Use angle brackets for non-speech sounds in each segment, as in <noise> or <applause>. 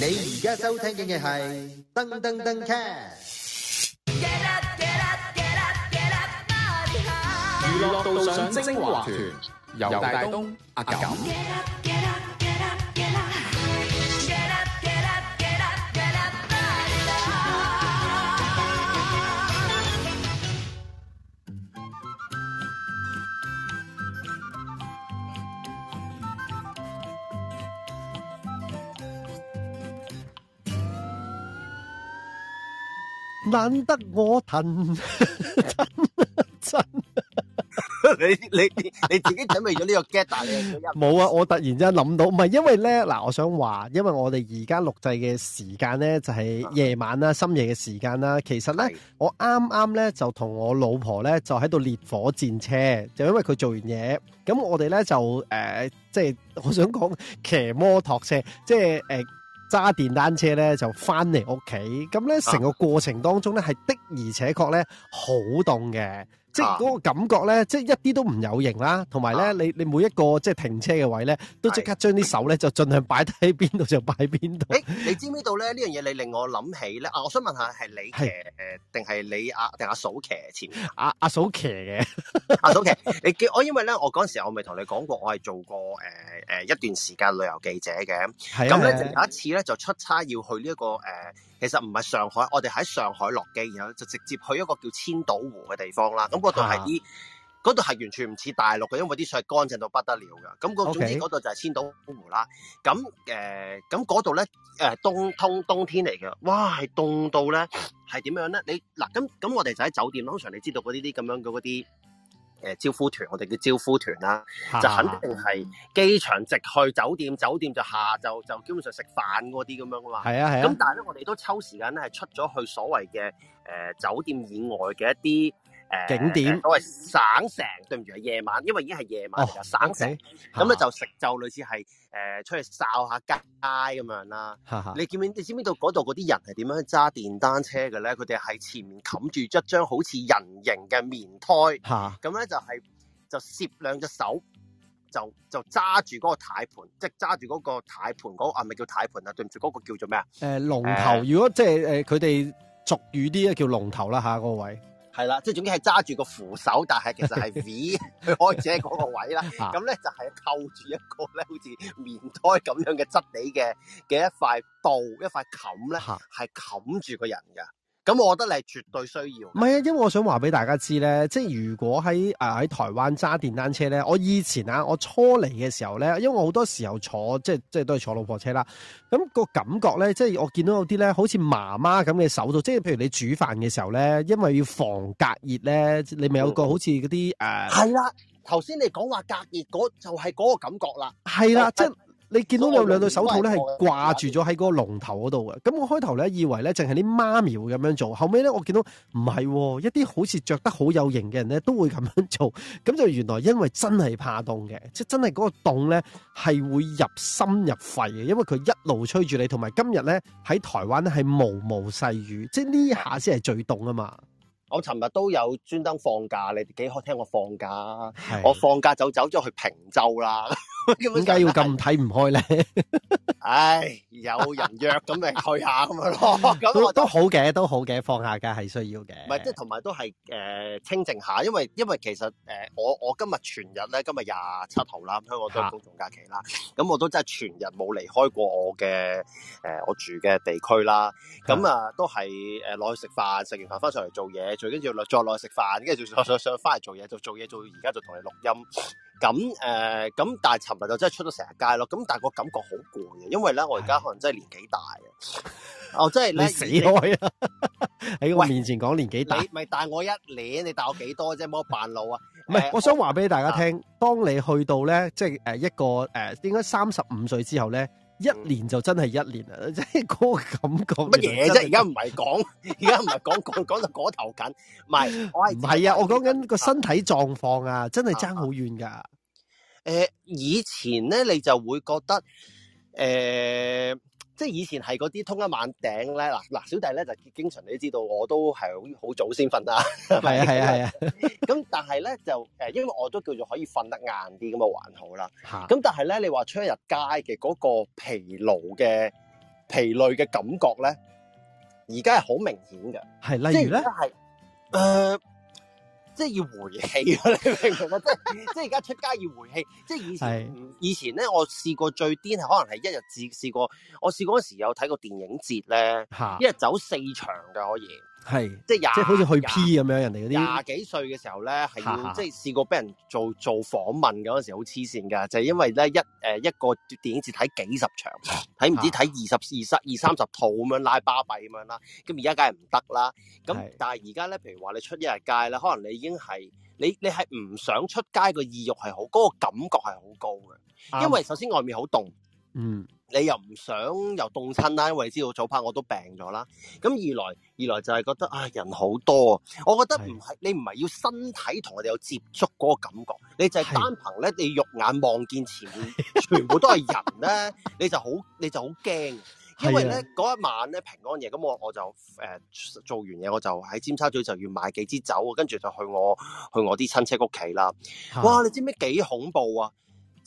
你而家收聽嘅係《噔噔噔 Catch》。娛樂道上精華團，游大東、阿感。難得我騰真 <laughs> 真 <laughs> <laughs> 你，你你你自己準備咗呢個 get，但係冇啊！我突然之間諗到，唔係因為咧嗱，我想話，因為我哋而家錄製嘅時間咧就係、是、夜晚啦、深夜嘅時間啦。其實咧，我啱啱咧就同我老婆咧就喺度烈火戰車，就因為佢做完嘢，咁我哋咧就誒、呃，即係我想講騎摩托車，即係誒。呃揸電單車咧就翻嚟屋企，咁咧成個過程當中咧係的而且確咧好凍嘅，即係嗰個感覺咧，即係一啲都唔有型啦。同埋咧，你你每一個即係停車嘅位咧，都即刻將啲手咧就盡量擺低喺邊度就擺邊度。誒，你知唔知道咧？呢樣嘢你令我諗起咧，啊，我想問下係你騎定係你阿定阿嫂騎前面？阿阿嫂騎嘅，阿嫂騎。你叫我因為咧，我嗰陣時我未同你講過，我係做過誒。誒一段時間旅遊記者嘅，咁咧就有一次咧就出差要去呢、這、一個誒、呃，其實唔係上海，我哋喺上海落機，然後就直接去一個叫千島湖嘅地方啦。咁嗰度係啲，度、啊、係完全唔似大陸嘅，因為啲水乾淨到不得了㗎。咁、那、嗰、個、總之嗰度就係千島湖啦。咁、okay、誒，咁嗰度咧誒冬冬冬天嚟嘅。哇係凍到咧係點樣咧？你嗱咁咁我哋就喺酒店，通常你知道嗰啲啲咁樣嘅嗰啲。誒招呼團，我哋叫招呼團啦，就肯定係機場直去酒店，酒店就下晝就就基本上食飯嗰啲咁樣啊嘛。啊咁、啊、但係咧，我哋都抽時間咧係出咗去所謂嘅、呃、酒店以外嘅一啲景點，我、呃、係省城，對唔住啊，夜晚，因為已經係夜晚、哦，省城，咁、okay. 咧就食就類似係，誒、呃，出去掃下街咁樣啦。你見唔見？你知唔知道度嗰啲人係點樣揸電單車嘅咧？佢哋係前面冚住一張好似人形嘅棉胎，咁 <laughs> 咧就係、是、就攝兩隻手就就揸住嗰個呔盤，即係揸住嗰個呔盤嗰個啊，係咪叫呔盤啊？對唔住，嗰、那個叫做咩啊？誒、呃，龍頭、呃，如果即係誒，佢、呃、哋俗語啲咧叫龍頭啦，吓嗰個位。係啦，即係總之係揸住個扶手，但係其實係 V 佢 <laughs> 開車嗰個位啦。咁 <laughs> 咧就係扣住一個咧，好似棉胎咁樣嘅質地嘅嘅一塊布、一塊冚咧，係冚住個人㗎。咁我覺得你係絕對需要。唔係啊，因為我想話俾大家知咧，即係如果喺喺、呃、台灣揸電單車咧，我以前啊，我初嚟嘅時候咧，因為我好多時候坐即係即係都係坐老婆車啦。咁、那個感覺咧，即係我見到有啲咧，好似媽媽咁嘅手度，即係譬如你煮飯嘅時候咧，因為要防隔熱咧，你咪有個好似嗰啲係啦，頭、嗯、先、呃啊、你講話隔熱嗰就係、是、嗰個感覺啦。係啦、啊，即、呃、係。就是呃你見到有兩對手套咧，係掛住咗喺嗰個龍頭嗰度嘅。咁我開頭咧，以為咧，淨係啲媽咪會咁樣做。後尾咧，我見到唔係，啊，一啲好似著得好有型嘅人咧，都會咁樣做。咁就原來因為真係怕凍嘅，即係真係嗰個凍咧係會入心入肺嘅，因為佢一路吹住你。同埋今日咧喺台灣咧係毛毛細雨，即係呢下先係最凍啊嘛。我尋日都有專登放假，你幾可聽我放假啊？我放假就走咗去平洲啦。點 <laughs> 解要咁睇唔開咧？ <laughs> 唉，有人約咁咪 <laughs> 去下咁樣咯。咁都好嘅，都好嘅，放下假係需要嘅。唔係，即係同埋都係誒、呃、清靜下，因為因為其實誒我、呃、我今日全日咧，今日廿七號啦，香港都公眾假期啦，咁我都真係全日冇離開過我嘅誒、呃、我住嘅地區啦。咁啊、呃、都係誒落去食飯，食完飯翻上嚟做嘢。最跟住落落去食飯，跟住坐坐上翻嚟做嘢，做做嘢做而家就同你錄音咁誒，咁。但係尋日就真係出咗成日街咯，咁但係個感覺好攰嘅，因為咧我而家可能真係年紀大啊，哦，即係你死開啦，喺我面前講年紀大，咪大我一年，你大我幾多啫，冇得扮老啊。唔係，uh, 我想話俾大家聽，uh, 當你去到咧，即係誒一個誒，應該三十五歲之後咧？一年就真係一年啦，即係嗰個感覺。乜嘢啫？而家唔係講，而家唔係講講講到嗰頭緊，唔係我係唔係啊？我講緊個身體狀況啊，啊，真係差好遠噶。誒、啊呃，以前咧你就會覺得誒。呃即係以前係嗰啲通一晚頂咧，嗱嗱小弟咧就經常你都知道，我都係好好早先瞓啦，係啊係啊係啊，咁 <laughs> 但係咧就誒， <laughs> 因為我都叫做可以瞓得晏啲，咁啊還好啦，咁 <laughs> 但係咧你話出一日街嘅嗰個疲勞嘅疲累嘅感覺咧，而家係好明顯嘅。係例如咧，誒。呃即係要回氣，你明唔明啊？ <laughs> 即係即係而家出街要回氣， <laughs> 即係以前以前咧，我試過最癲係可能係一日試試過，我試嗰陣時有睇過電影節咧， <laughs> 一日走四場㗎可以。係，即係廿，即係好似去 P 咁樣，人哋嗰啲廿幾歲嘅時候咧，係要即係、就是、試過俾人做做訪問嗰時，好黐線㗎，就係、是、因為咧一、呃、一個電影節睇幾十場，睇唔知睇二十、二三、二三十套咁樣拉巴閉咁樣啦。咁而家梗係唔得啦。咁但係而家咧，譬如話你出一日街呢，可能你已經係你你係唔想出街個意欲係好，嗰、那個感覺係好高嘅、啊，因為首先外面好凍。嗯。你又唔想又凍親啦，因為知道早排我都病咗啦。咁二來二來就係覺得啊人好多，我覺得唔係你唔係要身體同我哋有接觸嗰個感覺，你就係單憑咧你肉眼望見前面全部都係人咧， <laughs> 你就好你就好驚。因為咧嗰一晚咧平安夜，咁我我就誒、呃、做完嘢，我就喺尖沙咀就要買幾支酒，跟住就去我去我啲親戚屋企啦。哇！你知唔知幾恐怖啊？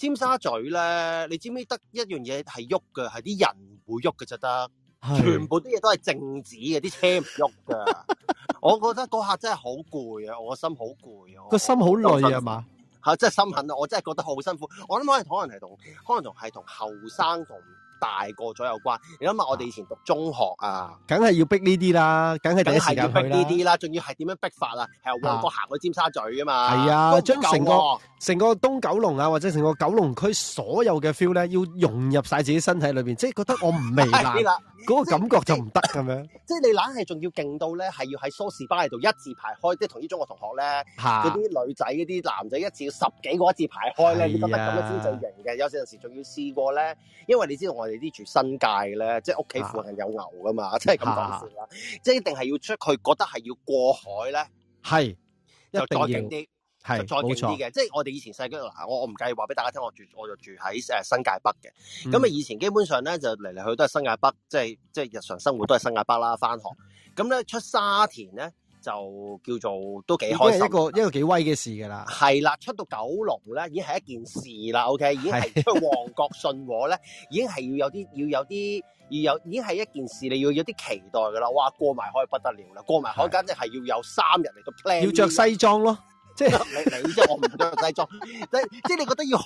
尖沙咀咧，你知唔知得一樣嘢係喐㗎？係啲人會喐㗎，啫，得全部啲嘢都係靜止嘅，啲車唔喐㗎。 <laughs> 我覺得嗰下真係好攰啊，我心好攰啊，個心好累啊嘛，係真係心狠啊，我， <laughs> 我真係覺得好辛苦。我諗可能同可能同係同後生同大個咗有關，你諗下我哋以前讀中學啊，梗係要逼呢啲啦，梗係第一時間逼呢啲啦。仲要係點樣逼法啊？係由旺角行去尖沙咀啊嘛。係啊，將成個成個東九龍啊，或者成個九龍區所有嘅 feel 咧，要融入晒自己身體裏邊，即係覺得我唔明。爛嗰、啊就是那個感覺就唔得咁樣。即、就、係、是、你懶係仲要勁到咧，係要喺梳士巴利道一字排開，即係同啲中學同學咧，嗰啲、啊、女仔、嗰啲男仔一次要十幾個一字排開咧，你、啊、覺得咁樣先就型嘅。有時有時仲要試過咧，因為你知道我。你啲住新界咧，即係屋企附近有牛噶嘛、啊就是啊，即係咁講先啦。即係一定係要出去，覺得係要過海咧，係就再勁啲，係再勁啲嘅。即係我哋以前細個嗱，我我唔介意話俾大家聽，我住我就住喺誒新界北嘅。咁、嗯、啊，以前基本上咧就嚟嚟去都係新界北，即係即係日常生活都係新界北啦。翻學咁咧，出沙田咧。就叫做都幾開心是一，一個一個幾威嘅事㗎啦。係啦，出到九龍咧，已經係一件事啦。OK，已經係出旺角信和咧， <laughs> 已經係要有啲要有啲要有，已經係一件事，你要有啲期待㗎啦。哇，過埋海不得了啦，過埋海，簡直係要有三日嚟到 plan，要着西裝咯。即係你你即係我唔對製作，即係即係你覺得要好，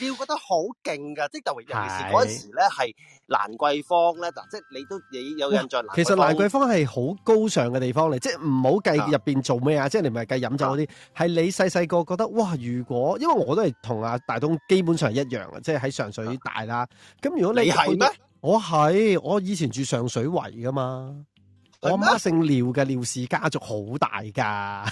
要覺得好勁噶，即係特別尤其是嗰時咧係蘭桂坊咧，嗱，即係你都你有印象。其實蘭桂坊係好高尚嘅地方嚟，即係唔好計入面做咩啊，即係你唔係計飲酒嗰啲，係你細細個覺得哇，如果因為我都係同阿大東基本上係一樣嘅，即係喺上水大啦。咁如果你係咩？我係我以前住上水圍噶嘛，我阿媽姓廖嘅，廖氏家族好大噶。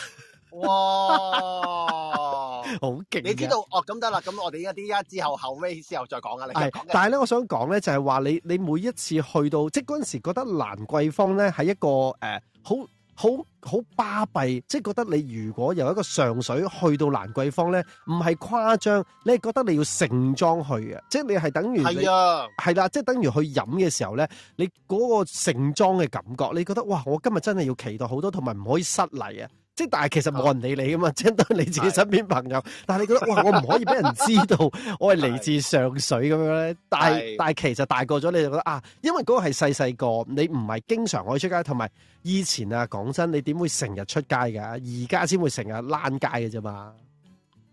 哇，好 <laughs> 勁！你知道哦，咁得啦。咁我哋依家啲之後後尾之後再講啊。係，但係咧，我想講咧，就係話你你每一次去到即係嗰陣時，覺得蘭桂坊咧係一個誒好好好巴閉，即係覺得你如果由一個上水去到蘭桂坊咧，唔係誇張，你係覺得你要盛裝去嘅，即係你係等於係啊，係啦，即係等於去飲嘅時候咧，你嗰個盛裝嘅感覺，你覺得哇，我今日真係要期待好多，同埋唔可以失禮啊！即係，但係其實冇人理你噶嘛，即係當你自己身邊朋友。但係你覺得哇，我唔可以俾人知道我係嚟自上水咁樣咧。但係但係，其實大個咗你就覺得啊，因為嗰個係細細個，你唔係經常可以出街，同埋以前啊講真，你點會成日出街㗎？而家先會成日躝街嘅啫嘛。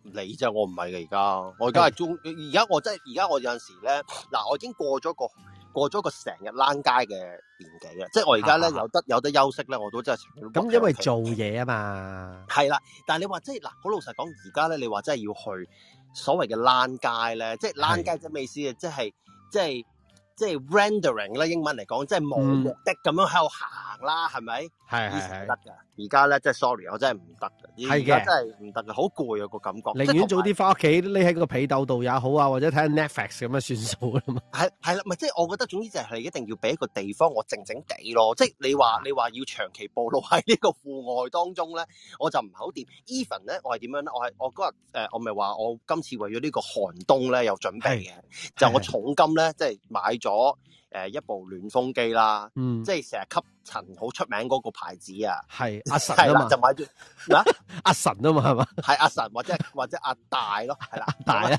你啫，我唔係㗎，而家我而家係中，而家我真係而家我有陣時咧，嗱，我已經過咗個。過咗個成日躝街嘅年紀啦，即係我而家咧有得有得休息咧，我都真係咁因為做嘢啊，嘛，係啦。但係你話即係嗱，好老實講，而家咧你話真係要去所謂嘅躝街咧，即係躝街即係咩意思？啊，即係即係即係 rendering 啦，英文嚟講，即係冇目的咁樣喺度行啦，係咪？係係係。而家咧，即係 sorry，我真係唔得，而家真係唔得嘅，好攰啊、個感覺。寧願早啲翻屋企，匿喺個被竇度也好啊，或者睇下 Netflix 咁樣算數啦嘛。係係啦，唔係即係、就是、我覺得，總之就係一定要俾一個地方我靜靜地咯。即係你話你話要長期暴露喺呢個戶外當中咧，我就唔係好掂。Even 咧，我係點樣咧？我係我嗰日、呃、我咪話我今次為咗呢個寒冬咧有準備嘅，就我重金咧即係買咗。誒、呃、一部暖風機啦，嗯，即係成日吸塵好出名嗰個牌子啊，係阿神啊嘛， <laughs> 什麼 <laughs> 阿，也 <laughs> 阿神，啊嘛，就買住嗱阿神啊嘛，係嘛，係阿神或者或者阿大咯，係啦，阿大啦，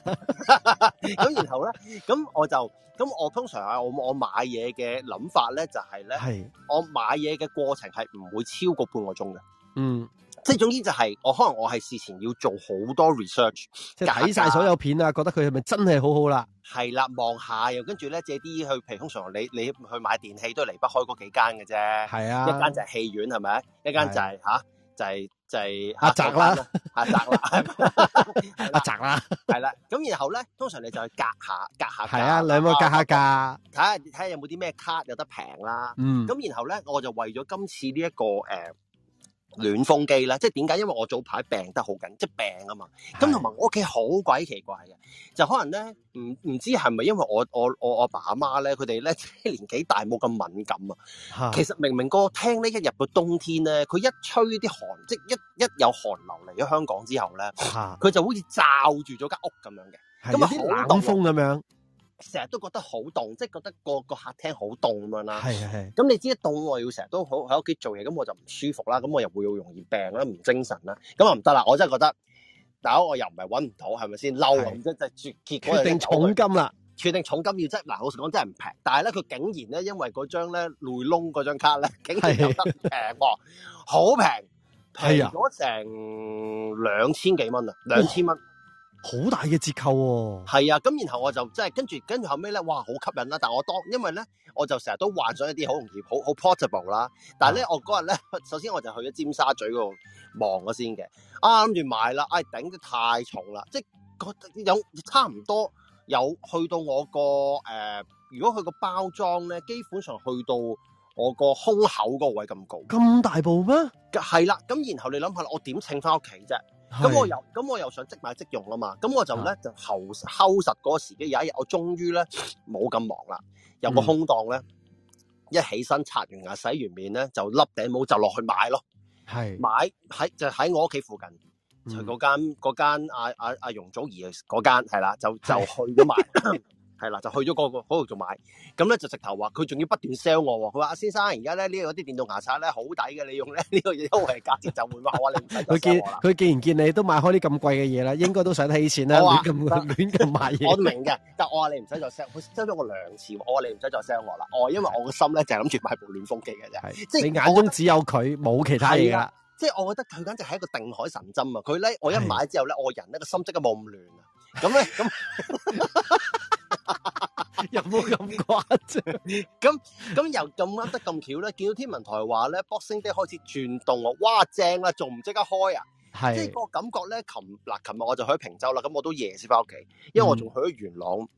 咁然後咧，咁我就咁我通常啊，我買嘢嘅諗法就係我買嘢嘅諗法咧就係咧，係我買嘢嘅過程係唔會超過半個鐘嘅，嗯。即係，總之就係、是，我可能我係事前要做好多 research，即係睇晒所有片呀，覺得佢係咪真係好好啦？係啦，望下又跟住咧借啲去，譬如通常，常你你去買電器都離不開嗰幾間嘅啫。係、就是、啊，一間就係戲院係咪？一間就係吓，就係就係阿澤啦，阿澤啦，阿澤啦。係啦，咁然後咧，通常你就去隔下隔下隔下。係啊，兩個隔下價。睇下睇下有冇啲咩卡有得平啦。嗯。咁然後咧，我就為咗今次呢、這、一個誒。呃暖風機啦，即係點解？因為我早排病得好緊，即係病啊嘛。咁同埋我屋企好鬼奇怪嘅，就可能咧，唔、嗯、唔知係咪因為我我我阿爸阿媽咧，佢哋咧年紀大冇咁敏感啊。其實明明個廳呢一入到冬天咧，佢一吹啲寒，即一一有寒流嚟咗香港之後咧，佢就好似罩住咗間屋咁樣嘅，咁啊好冷風咁樣，啊。成日都覺得好凍，即係覺得個個客廳好凍咁樣啦。係咁你知一凍，我要成日都好喺屋企做嘢，咁我就唔舒服啦。咁我又會好容易病啦，唔精神啦。咁啊唔得啦，我真係覺得，但我又唔係揾唔到，係咪先？嬲咁即係決決定重金啦，決定重金要，即嗱老實講真係唔平，但係咧佢竟然咧因為嗰張咧雷窿嗰張卡咧，竟然有得平喎，好平，平咗成兩千幾蚊啊，兩千蚊。嗯好大嘅折扣喎！係啊，咁然後我就即係跟住跟住，後尾咧，哇，好吸引啦！但係我當因為咧，我就成日都幻想一啲好容易好好 portable 啦。但係咧，我嗰日咧，首先我就去咗尖沙咀嗰度望咗先嘅，諗住買啦，哎、啊，頂得太重啦，即係有差唔多有去到我個誒、呃，如果佢個包裝咧，基本上去到我個胸口嗰個位咁高。咁大部咩？係啦、啊，咁然後你諗下，我點稱翻屋企啫？咁我又咁我又想即買即用吖嘛，咁我就咧、啊、就後後實嗰個時機，有一日我終於咧冇咁忙啦，有個空檔咧、嗯，一起身刷完牙洗完面咧就笠頂帽就落去買咯，係買喺就喺我屋企附近就嗰間嗰間阿阿阿容祖兒嗰間係啦，就就去咗買。 <laughs> 係啦，就去咗嗰、嗰個度仲買，咁咧就直頭話佢仲要不斷 sell 我。佢話，阿先生，而家咧呢個啲電動牙刷咧好抵嘅，你用咧呢個優惠價錢就會話 <laughs> 我你。佢 <laughs> 見佢既然見你都買開啲咁貴嘅嘢啦，應該都想起錢啦。亂咁亂咁買嘢， <laughs> 賣 <laughs> 我明嘅。但我話你唔使再 sell，佢 sell 咗我兩次。我話你唔使再 sell 我啦。我、哦、因為我個心咧就諗住買部暖風機嘅啫。即係你眼中只有佢，冇其他嘢啦。即係我覺得佢簡直係一個定海神針啊！佢咧我一買之後咧，我人咧個心即刻冇咁亂啊。咁 <laughs> 咧， <laughs> <laughs> 又冇咁誇張。咁咁又咁啱得咁巧咧，見到天文台話咧，Boxing Day 開始轉凍哦。哇，正啦，仲唔即刻開啊？係即係個感覺咧。琴嗱，琴日我就去平洲啦，咁我都夜先翻屋企，因為我仲去咗元朗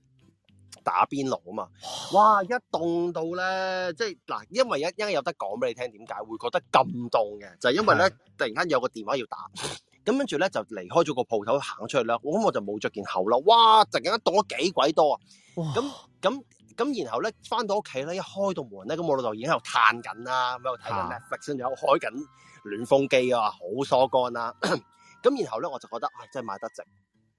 打邊爐啊嘛、嗯。哇，一凍到咧，即係嗱，因為一因為有得講俾你聽，點解會覺得咁凍嘅？就係、是、因為咧，突然間有個電話要打。咁跟住咧就離開咗個鋪頭行出去咧，咁我就冇着件厚褸，哇！突然間凍咗幾鬼多啊！咁咁咁，然後咧翻到屋企咧，一開到門咧，咁我老豆已經喺度嘆緊啦，喺度睇緊 Netflix，啊、仲有開緊暖風機啊，好疏乾啦。咁然後咧我就覺得啊、哎，真係買得值。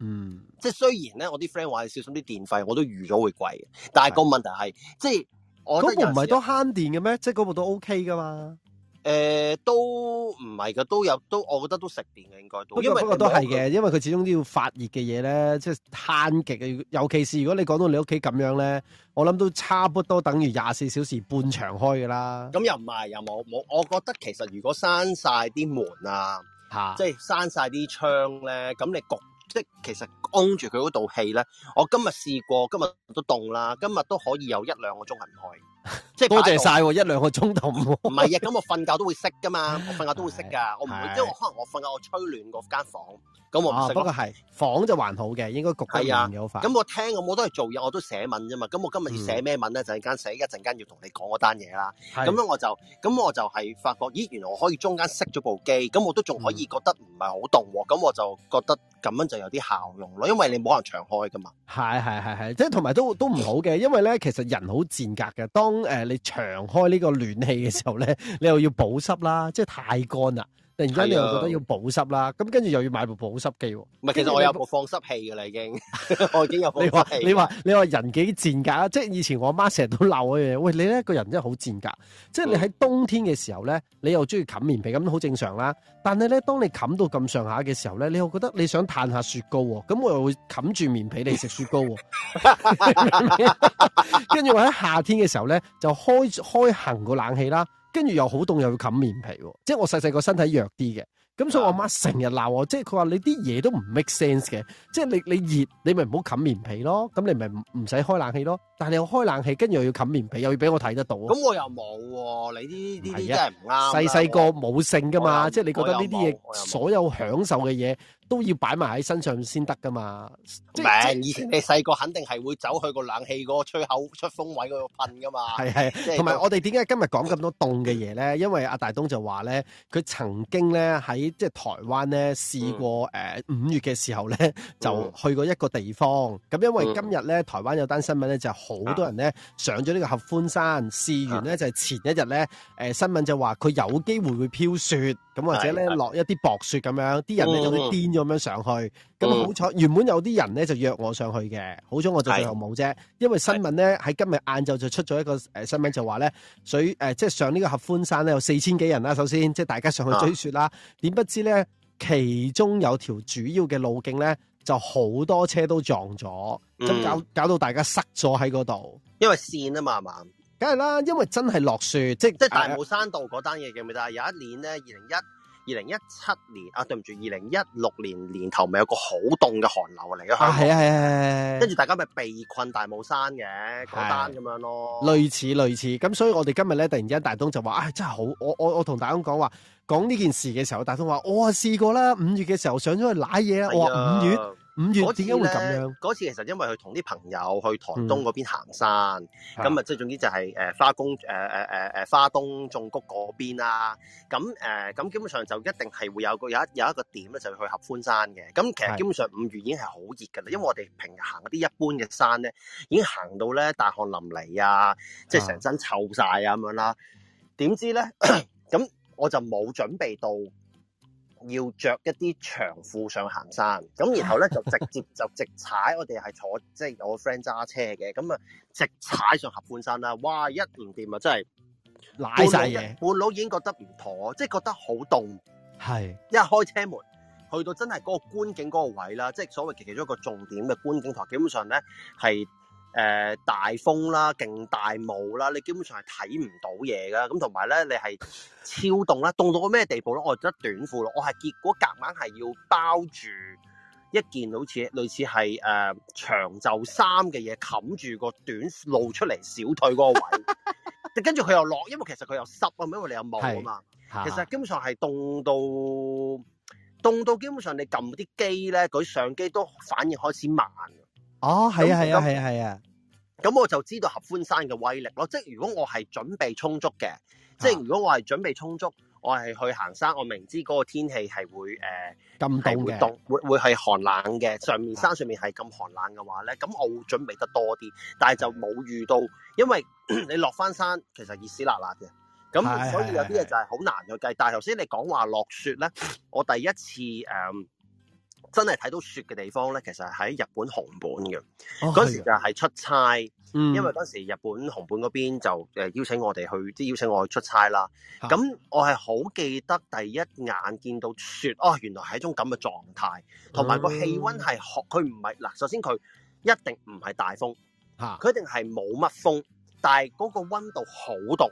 嗯，即雖然咧我啲 friend 話係小心啲電費，我都預咗會貴。但係個問題係，即、嗯、我覺得唔係都慳電嘅咩？即係嗰部都 OK 噶嘛。誒、呃，都唔係噶，都有，都我覺得都食電嘅應該，因為過不過都係嘅，因為佢始終都要發熱嘅嘢咧，即係慳極嘅，尤其是如果你講到你屋企咁樣咧，我諗都差不多等於廿四小時半場開噶啦。咁又唔係又冇冇，我覺得其實如果閂晒啲門啊，吓，即係閂晒啲窗咧，咁你焗，即係其實關住佢嗰度氣咧，我今日試過，今日都凍啦，今日都可以有一兩個鐘係唔開。 <laughs> 即係多謝晒喎，一兩個鐘頭唔喎。唔係啊，咁我瞓覺都會熄噶嘛，我瞓覺都會熄噶，我唔會，因為可能我瞓覺我吹暖嗰間房，咁我唔識。啊，不過係房就還好嘅，應該焗緊有快。咁我聽，我冇得去做嘢，我都寫文啫嘛。咁我今日要寫咩文咧？就陣間寫一陣間要同你講嗰單嘢啦。咁樣我就，咁我就係發覺，咦，原來我可以中間熄咗部機，咁我都仲可以覺得唔係好凍喎。咁、嗯、我就覺得咁樣就有啲效用咯，因為你冇可能長開㗎嘛。係係係係，即係同埋都都唔好嘅，因為咧其實人好賤格嘅，當誒。呃你長開呢個暖氣嘅時候咧，你又要保濕啦，即係太乾啦。突然間，你又覺得要保濕啦，咁跟住又要買部保濕機喎。唔係，其實我有部放濕器噶啦，已經我已經有。你話你話你話人幾賤格啊？即係以前我媽成日都鬧我嘅嘢。喂，你咧、這個人真係好賤格。嗯。即係你喺冬天嘅時候咧，你又中意冚棉被，咁好正常啦。但係咧，當你冚到咁上下嘅時候咧，你又覺得你想嘆下雪糕喎，咁我又會冚住棉被嚟食雪糕喎。跟住我喺夏天嘅時候咧，就開開行個冷氣啦。跟住又好凍又要冚棉被，即係我細細個身體弱啲嘅，咁所以我媽成日鬧我，即係佢話你啲嘢都唔 make sense 嘅，即係你你熱你咪唔好冚棉被咯，咁你咪唔唔使開冷氣咯。但係我開冷氣，跟住又要冚棉被，又要俾我睇得到。咁我又冇喎、啊，你啲啲、啊、真係唔啱。細細個冇性噶嘛，即係你覺得呢啲嘢所有享受嘅嘢。都要擺埋喺身上先得噶嘛，明？以、就、前、是、你細個肯定係會走去個冷氣個吹口出風位嗰度噴噶嘛。係係，同、就、埋、是、我哋點解今日講咁多凍嘅嘢咧？ <laughs> 因為阿大東就話咧，佢曾經咧喺即係台灣咧試過誒五、嗯呃、月嘅時候咧就去過一個地方。咁、嗯、因為今日咧台灣有單新聞咧就好多人咧、啊、上咗呢個合歡山試完咧就係、是、前一日咧誒新聞就話佢有機會會飄雪，咁或者咧、嗯、落一啲薄雪咁樣，啲人咧就會癲咗。咁樣上去，咁好彩，原本有啲人咧就約我上去嘅，好彩我就最後冇啫。因為新聞咧喺今日晏晝就出咗一個誒、呃、新聞就話呢，就話咧水誒、呃、即係上呢個合歡山咧有四千幾人啦、啊。首先即係大家上去追雪啦，點、啊、不知咧其中有條主要嘅路徑咧就好多車都撞咗，咁、嗯、搞搞到大家塞咗喺嗰度，因為線啊嘛，係嘛？梗係啦，因為真係落雪，即即係大帽山道嗰單嘢嘅，記得。有一年咧，二零一。二零一七年啊，對唔住，二零一六年年頭咪有個好凍嘅寒流嚟嘅。係啊係啊，跟住、啊、大家咪被困大帽山嘅，嗰、啊、單咁樣咯類，類似類似，咁所以我哋今日咧突然之間大東就話，唉、哎，真係好，我我我同大東講話講呢件事嘅時候，大東話我試過啦，五月嘅時候上咗去瀨嘢、啊，我話五月。五月嗰次咧，嗰次其實因為佢同啲朋友去台東嗰邊行山，咁啊即係總之就係、是、誒、呃、花公誒誒誒誒花東縱谷嗰邊啦、啊，咁誒咁基本上就一定係會有個有一有一個點咧就去合歡山嘅。咁其實基本上五月已經係好熱㗎啦，因為我哋平日行嗰啲一般嘅山咧，已經行到咧大汗淋漓啊，即係成身臭晒啊咁樣啦，點、啊、知咧咁 <coughs> 我就冇準備到。要着一啲長褲上行山，咁然後咧就直接就直踩， <laughs> 我哋係坐即係我個 friend 揸車嘅，咁啊直踩上合歡山啦，哇一唔掂啊，真係奶晒嘢，半路已經覺得唔妥，即係覺得好凍，係一開車門去到真係嗰個觀景嗰個位啦，即係所謂其中一個重點嘅觀景台，基本上咧係。誒、呃，大風啦，勁大霧啦，你基本上係睇唔到嘢噶。咁同埋咧，你係超凍啦，凍到個咩地步咯？我得短褲咯，我係結果夾硬係要包住一件好似類似係誒、呃、長袖衫嘅嘢，冚住個短露出嚟小腿嗰個位， <laughs> 跟住佢又落，因為其實佢又濕啊，因為你又有霧啊嘛， <laughs> 其實基本上係凍到凍到，到基本上你撳啲機咧，嗰啲相機都反應開始慢。哦，係係啊，係係啊，咁、啊啊、我就知道合歡山嘅威力咯。即係如果我係準備充足嘅、啊，即係如果我係準備充足，我係去行山，我明知嗰個天氣係會誒咁凍嘅，會凍，會會係寒冷嘅。上面山上面係咁寒冷嘅話咧，咁、啊、我會準備得多啲。但係就冇遇到，因為你落翻山其實熱屎辣辣嘅。咁、啊、所以有啲嘢就係好難去計、啊。但係頭先你講話落雪咧，我第一次誒。嗯真係睇到雪嘅地方呢，其實係喺日本熊本嘅。嗰、哦啊、時就係出差，嗯、因為嗰時日本熊本嗰邊就邀請我哋去，即邀請我去出差啦。咁我係好記得第一眼見到雪，哦，原來係一種咁嘅狀態，同埋個氣溫係學佢唔係嗱，首先佢一定唔係大風，佢一定係冇乜風，但係嗰個溫度好凍。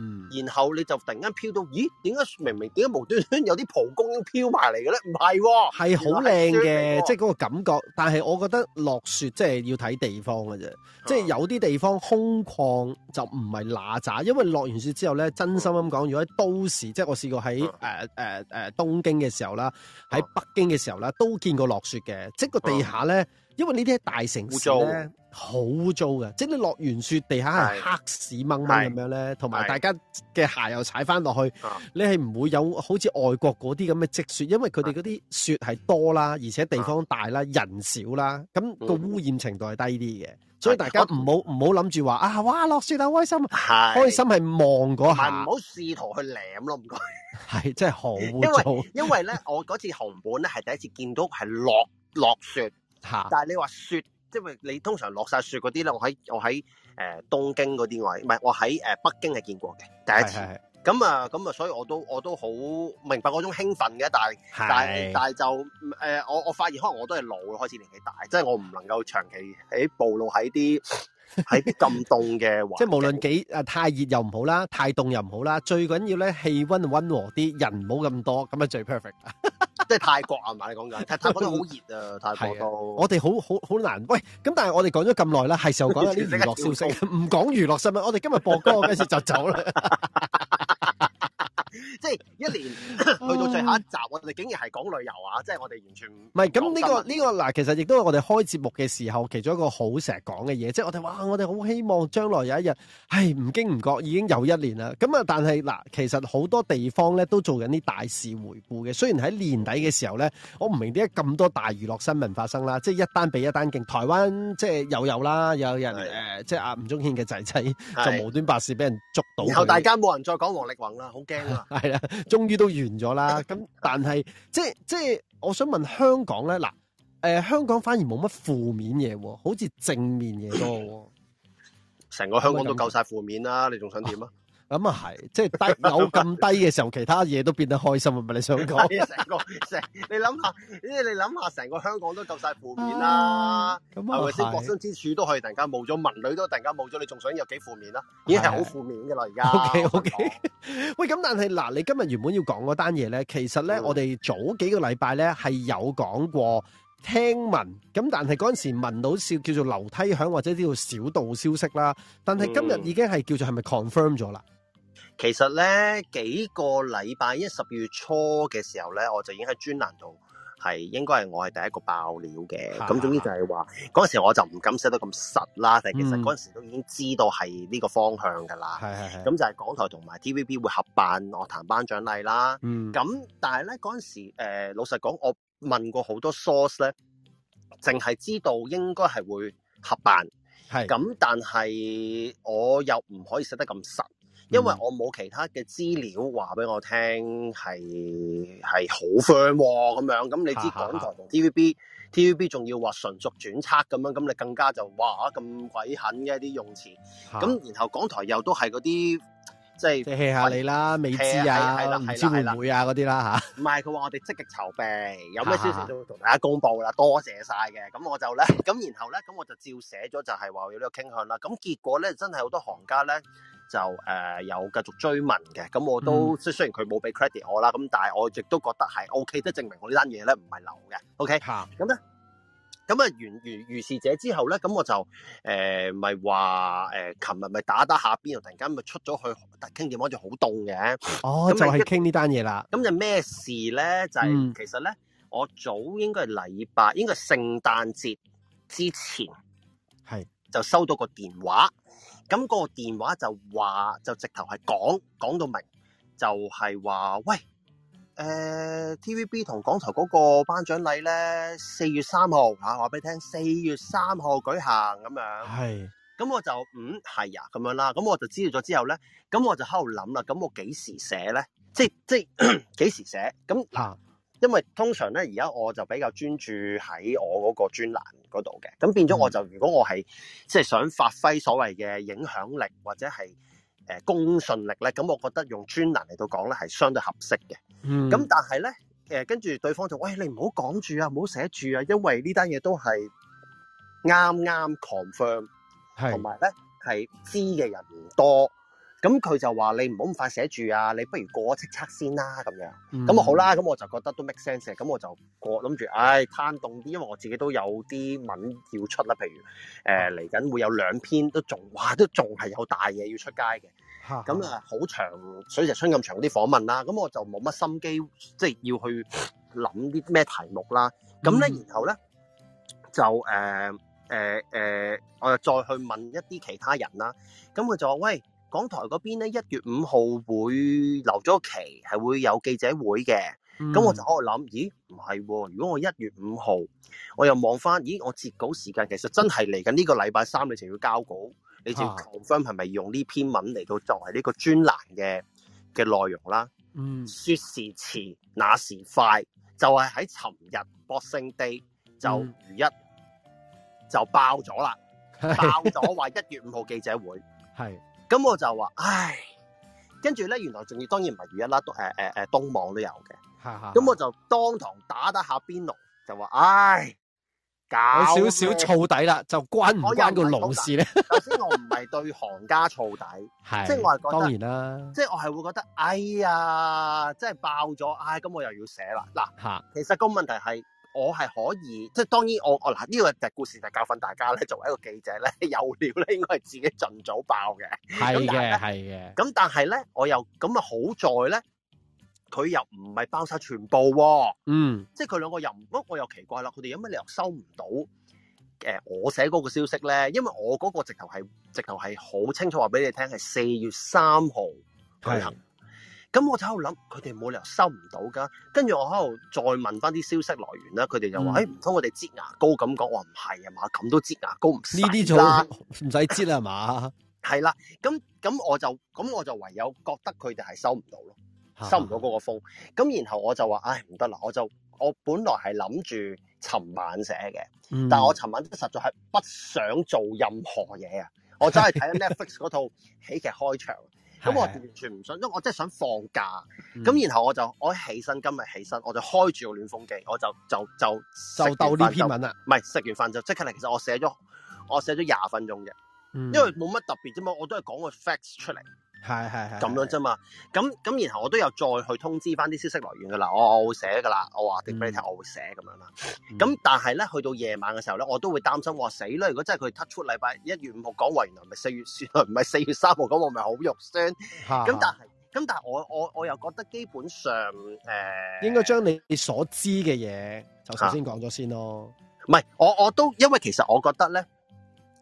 嗯，然後你就突然間飄到，咦？點解明明點解無端端有啲蒲公英飄埋嚟嘅咧？唔係啊，係好靚嘅，即係嗰個感覺。但係我覺得落雪即係要睇地方嘅啫，即係有啲地方空曠就唔係哪咋，因為落完雪之後咧，真心咁講，如果喺都市，即係我試過喺誒誒誒東京嘅時候啦，喺北京嘅時候啦，都見過落雪嘅，即係個地下咧。因為呢啲係大城市咧，好污糟嘅。即係你落完雪，地下係黑屎掹掹咁樣咧，同埋大家嘅鞋又踩翻落去，你係唔會有好似外國嗰啲咁嘅積雪，因為佢哋嗰啲雪係多啦，而且地方大啦，人少啦，咁個污染程度係低啲嘅。所以大家唔好唔好諗住話啊，哇，落雪好開心，開心係望嗰下，唔好試圖去舐咯，唔該。係真係好污糟。因為因為咧，我嗰次紅本咧係第一次見到係落落雪。吓！但係你話雪，即係你通常落晒雪嗰啲咧，我喺我喺誒東京嗰啲位，唔係我喺誒北京係見過嘅第一次。咁啊，咁啊，所以我都我都好明白嗰種興奮嘅，但係但係但係就誒、呃，我我發現可能我都係老，開始年紀大，即係我唔能夠長期喺暴露喺啲喺啲咁凍嘅。 <laughs> 環境即係無論幾誒太熱又唔好啦，太凍又唔好啦，最緊要咧氣溫溫和啲，人唔好咁多，咁啊最 perfect。 <laughs> 即係泰國啊嘛，你講緊泰國都好熱啊，泰國都我哋好好好難喂咁，但係我哋講咗咁耐啦，係時候講啲娛樂消息，唔講娛樂新聞，我哋今日播歌嗰陣時就走啦。 <laughs> <laughs> <laughs> 即係一年、嗯、去到最後一集，我哋竟然係講旅遊啊！即係我哋完全唔係咁呢個呢、這個嗱，其實亦都係我哋開節目嘅時候，其中一個好成日講嘅嘢，即係我哋哇，我哋好希望將來有一日，唉，唔經唔覺已經有一年啦。咁啊，但係嗱，其實好多地方咧都做緊啲大事回顧嘅。雖然喺年底嘅時候咧，我唔明點解咁多大娛樂新聞發生啦，即係一單比一單勁。台灣即係又有啦，有，有人誒、呃，即係阿吳中憲嘅仔仔就無端白事俾人捉到。然後大家冇人再講王力宏啦，好驚係啦，終於都完咗啦。咁但係即係即係，我想問香港咧，嗱，誒、呃，香港反而冇乜負面嘢，好似正面嘢多。成個香港都夠晒負面啦，你仲想點啊？咁啊係，即係低有咁低嘅時候，其他嘢都變得開心，係咪你想講？成 <laughs> 個成，你諗下， <laughs> 你諗下，成個香港都夠晒負面啦、啊，係咪先？國、就是、生之處都可以突然間冇咗，文女都突然間冇咗，你仲想有幾負面啦、啊？已經係好負面嘅啦，而家。OK，OK，喂，咁但係嗱，你今日原本要講嗰單嘢咧，其實咧、嗯，我哋早幾個禮拜咧係有講過聽聞，咁但係嗰陣時聞到叫叫做樓梯響或者叫做「小道消息」啦，但係今日已經係叫做係咪 confirm 咗啦？嗯是。其實咧，幾個禮拜，因為十二月初嘅時候咧，我就已經喺專欄度係，應該係我係第一個爆料嘅。咁、啊、總之就係話，嗰陣時我就唔敢寫得咁實啦。但係其實嗰陣時都已經知道係呢個方向噶啦。係、嗯、係。咁就係港台同埋 TVB 會合辦樂壇頒獎禮啦。嗯。咁但係咧，嗰陣時，誒、呃，老實講，我問過好多 source 咧，淨係知道應該係會合辦。係。咁但係我又唔可以寫得咁實。因為我冇其他嘅資料話俾我聽，係係好 friend 喎咁樣，咁你知港台同 T V B，T V B 仲要話純屬揣測咁樣，咁你更加就哇咁鬼狠嘅啲用詞，咁 <noise> 然後港台又都係嗰啲即係廢下你啦、未、哎、知啊、唔知會啊嗰啲啦吓，唔係佢話我哋積極籌備， <laughs> 有咩消息都會同大家公佈啦，多謝晒嘅。咁我就咧，咁 <noise> 然後咧，咁我就照寫咗就係話有呢個傾向啦。咁結果咧，真係好多行家咧。就誒有、呃、繼續追問嘅，咁我都雖、嗯、雖然佢冇俾 credit 我啦，咁但係我亦都覺得係 O K，都係證明我呢單嘢咧，唔係流嘅，O K。嚇咁咧，咁啊，完完如是者之後咧，咁我就誒咪話誒，琴日咪打打下邊，突然間咪出咗去傾電話，就好凍嘅。哦，就係傾呢單嘢啦。咁就咩事咧？就係、是就是嗯、其實咧，我早應該係禮拜，應該聖誕節之前，係就收到個電話。咁、那個電話就話，就直頭係講講到明，就係、是、話喂、呃、TVB 同港台嗰個頒獎禮咧，四月三號嚇，話、啊、俾你聽，四月三號舉行咁樣。係，咁我就嗯係啊咁樣啦，咁我就知道咗之後咧，咁我就喺度諗啦，咁我幾時寫咧？即係即係幾 <coughs> 時寫？咁因為通常咧，而家我就比較專注喺我嗰個專欄嗰度嘅，咁變咗我就、嗯、如果我係即係想發揮所謂嘅影響力或者係誒、呃、公信力咧，咁我覺得用專欄嚟到講咧係相對合適嘅。咁、嗯、但係咧誒，跟住對方就喂你唔好講住啊，唔好寫住啊，因為剛剛 confirm，呢單嘢都係啱啱 confirm，係同埋咧係知嘅人唔多。咁佢就話：你唔好咁快寫住啊！你不如過一測測先啦。咁樣咁啊，嗯、好啦，咁我就覺得都 make sense 嘅，咁我就過諗住，唉，攤凍啲，因為我自己都有啲文要出啦。譬如誒，嚟、呃、緊會有兩篇都仲哇，都仲係有大嘢要出街嘅。咁啊，好長，水石春咁長啲訪問啦。咁我就冇乜心機，即係要去諗啲咩題目啦。咁、嗯、咧，然後咧就誒誒誒，我、呃、又、呃呃、再去問一啲其他人啦。咁佢就話：喂！港台嗰邊咧，一月五號會留咗期，係會有記者會嘅。咁、嗯、我就喺度諗，咦，唔係喎，如果我一月五號我又望翻，咦，我截稿時間其實真係嚟緊呢個禮拜三，你就要交稿，你就要 confirm 係咪用呢篇文嚟到作為呢個專欄嘅嘅內容啦。嗯，說時遲，那時快，就係喺尋日 Boxing、嗯、day 就如一就爆咗啦，爆咗話一月五號記者會係。 <laughs> 咁我就話，唉，跟住咧，原來仲要，當然唔係唯一啦，都係誒誒東網都有嘅。咁 <laughs> 我就當堂打得下邊爐，就話，唉，搞少少燥底啦，就關唔關個爐事咧？首 <laughs> 先我唔係對行家燥底， <laughs> 即係我係覺得，當然啦，即係我係會覺得，哎呀，即係爆咗，唉、哎，咁我又要寫啦。嗱， <laughs> 其實個問題係。我係可以，即、就、係、是、當然我我嗱呢個就故事就教訓大家咧，作為一個記者咧有料咧，應該係自己盡早爆嘅。係嘅，係嘅。咁但係咧，我又咁啊好在咧，佢又唔係包晒全部，哦。嗯，即係佢兩個又唔，不過我又奇怪啦，佢哋有乜理由收唔到？誒、呃，我寫嗰個消息咧，因為我嗰個直頭係直頭係好清楚話俾你聽，係四月三號行。咁我就喺度諗，佢哋冇理由收唔到噶。跟住我喺度再問翻啲消息來源啦，佢哋就話：，誒、嗯，唔通我哋擠牙膏咁講？我唔係啊嘛，咁都擠牙膏唔，呢啲就唔使擠啦，唔使嘛。係 <laughs> 啦，咁咁我就咁我就唯有覺得佢哋係收唔到咯，收唔到嗰個風。咁、啊、然後我就話：，唉，唔得啦！我就我本來係諗住尋晚寫嘅、嗯，但係我尋晚都實在係不想做任何嘢啊！嗯、 <laughs> 我真係睇 Netflix 嗰套喜劇開場。咁我完全唔想，因為我真係想放假。咁、嗯、然後我就我起身，今日起身我就開住個暖風機，我就就就食完飯就做呢篇文啦，唔係食完飯就即刻嚟。其實我寫咗我寫咗廿分鐘嘅、嗯、因為冇乜特別啫嘛，我都係講個 facts 出嚟。係係係咁樣啫嘛，咁咁然後我都有再去通知翻啲消息來源噶啦，我我會寫噶啦，我話定俾你聽，我會寫咁、嗯、樣啦。咁但係咧，去到夜晚嘅時候咧，我都會擔心，話死啦！如果真係佢突出禮拜一月五號講話，原來唔係四月，唔係四月三號講話，咪好肉酸。咁但係，咁但係我我我又覺得基本上誒、呃，應該將你所知嘅嘢就首先講咗先咯。唔、啊、係，我我都因為其實我覺得咧。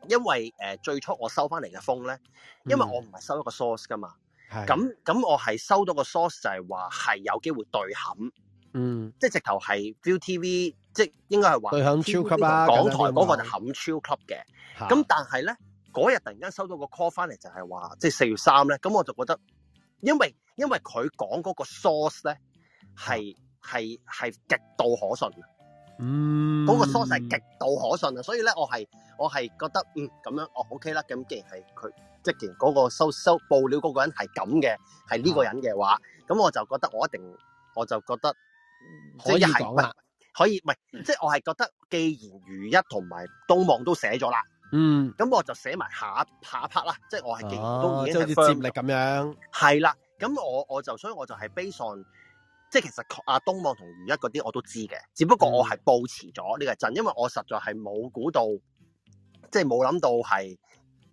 因為、呃、最初我收翻嚟嘅風咧，因為我唔係收一個 source 㗎嘛，咁、嗯、咁我係收到個 source 就係話係有機會對冚，嗯，即係直頭係 ViuTV，即係應該係話對冚 Chill Club 啊，港台嗰個就冚 Chill Club 嘅。咁、啊、但係咧，嗰日突然間收到個 call 翻嚟就係話即係四月三咧，咁我就覺得因，因為因為佢講嗰個 source 咧係係係極度可信。嗯，嗰、那個 source 係極度可信啊，所以咧，我係我係覺得嗯咁樣我 OK 啦。咁、哦 okay、既然係佢，即係嗰個收收報料嗰個人係咁嘅，係呢個人嘅話，咁、嗯、我就覺得我一定，我就覺得可以講啦、啊。可以，唔係、嗯、即係我係覺得，既然如一同埋東網都寫咗啦，嗯，咁我就寫埋下下一 part 啦。即係我係既然都已經接力咁樣，係啦。咁我我就所以我就係 b 即係其實阿東望同如一嗰啲我都知嘅，只不過我係保持咗呢個陣，因為我實在係冇估到，即係冇諗到係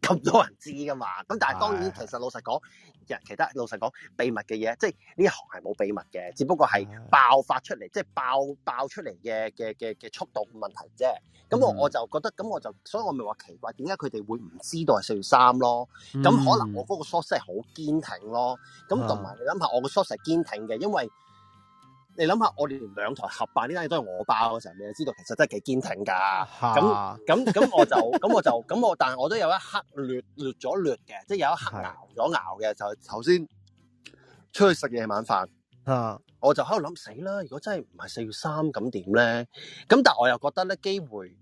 咁多人知噶嘛。咁但係當然其實老實講，人其他老實講秘密嘅嘢，即係呢行係冇秘密嘅，只不過係爆發出嚟，即係爆爆出嚟嘅嘅嘅嘅速度的問題啫。咁我我就覺得，咁、嗯、我就所以我咪話奇怪點解佢哋會唔知道係四月三咯？咁可能我嗰個 source 係好堅挺咯。咁同埋你諗下，我個 source 係堅挺嘅，因為。你諗下，我哋連兩台合辦呢單嘢都係我包嗰陣，你知道其實真係幾堅挺噶。咁咁咁，我就咁我就咁我，我，但係我都有一刻略略咗略嘅，即係有一刻熬咗熬嘅，就頭先出去食夜晚飯。啊，我就喺度諗死啦，如果真係唔係四月三，咁點咧？咁但係我又覺得咧機會，誒、